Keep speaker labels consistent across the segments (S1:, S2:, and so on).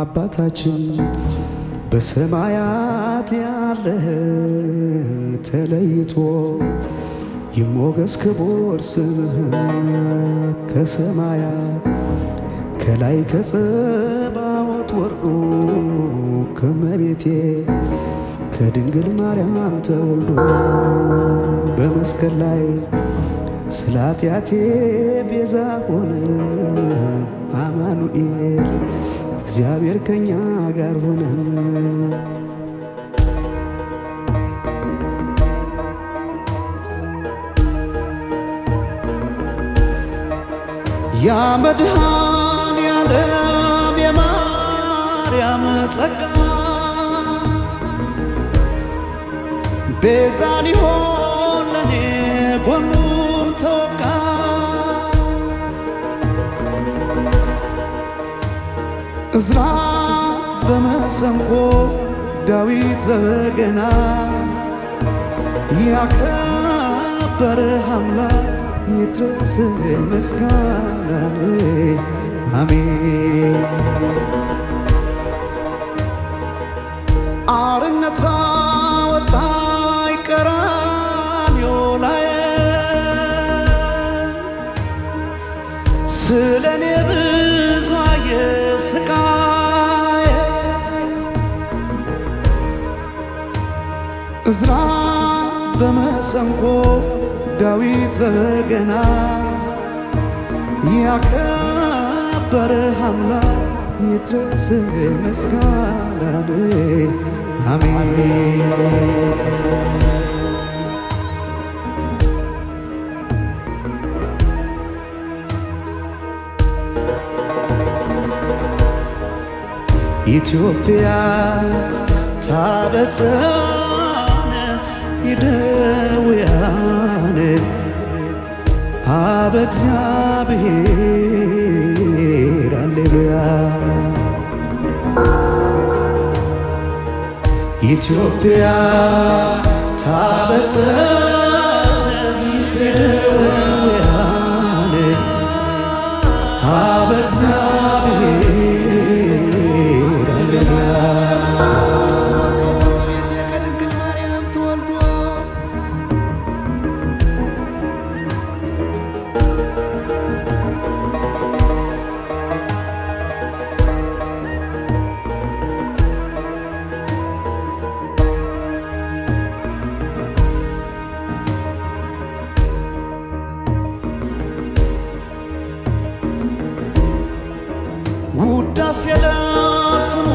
S1: አባታችን በሰማያት ያለህ ተለይቶ ይሞገስ ክቡር ስምህ ከሰማያት ከላይ ከጸባዖት ወርዶ ከመቤቴ ከድንግል ማርያም ተወልዶ በመስቀል ላይ ስለ ኃጢአቴ ቤዛ ሆነ አማኑኤል እግዚአብሔር ከኛ ጋር ሆነ። ያ መድኃኔ ዓለም የማርያም ጸጋ ቤዛ ሊሆን ለኔ ጎኑን ተወጋ እዝራ በመሰንቆ ዳዊት በበገና ያከበረ አምላክ ይድረስ ምስጋና አሜን። አርነት አወጣኝ ቀራንዮ ላይ ስለ እዝራ በመሰንቆ ዳዊት በገና ያከበረህ አምላክ ይድረስህ ምስጋናህ አሜን። ኢትዮጵያ ታበጽሕ ደውያነ አብ እግዚአብሔር አሌሉያ ኢትዮጵያ ታበሰ ውዳሴ ለስሙ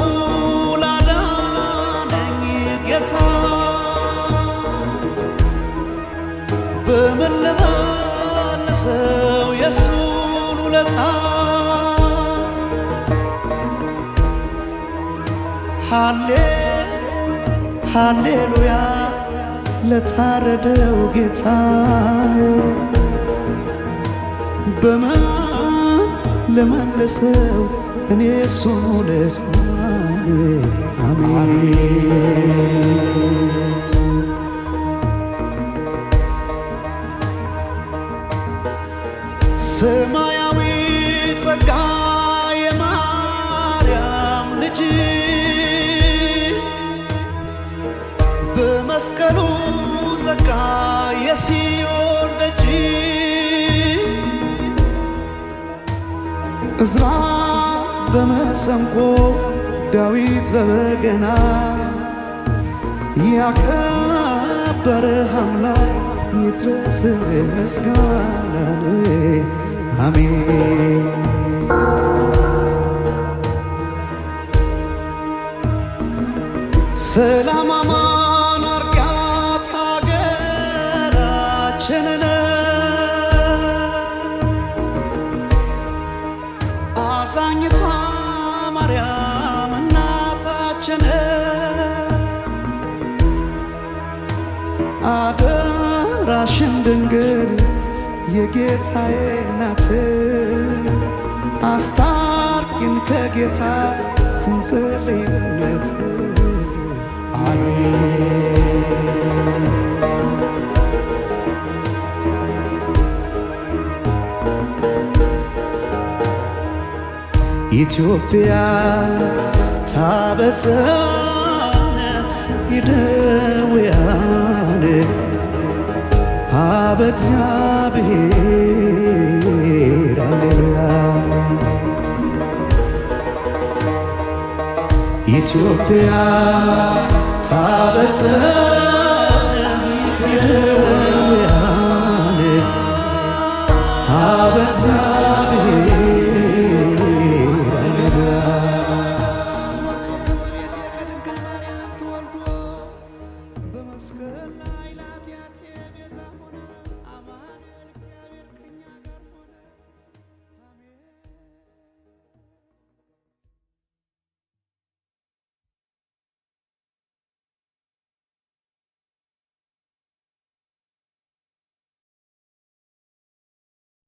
S1: ላዳነኝ ጌታ በምን ልመልሰው ውለታ ሃሌ ሃሌሉያ ለታረደው ጌታ ለማለሰው እኔ እሱን ውለታ አሜን ሰማያዊ ጸጋ የማርያም ልጅ በመስቀሉ እዝራ በመሰንቆ ዳዊት በበገና ያከበረ አምላክ ይድረስ ምስጋናህ አሜን። ሰላም አደራሽን ድንግል የጌታዬ እናት አስታርቂን ከጌታ ስንጽልነት አሜን ኢትዮጵያ ታበጽሐነ ይደውያ በእግዚአብሔር አሌሉያ ኢትዮጵያ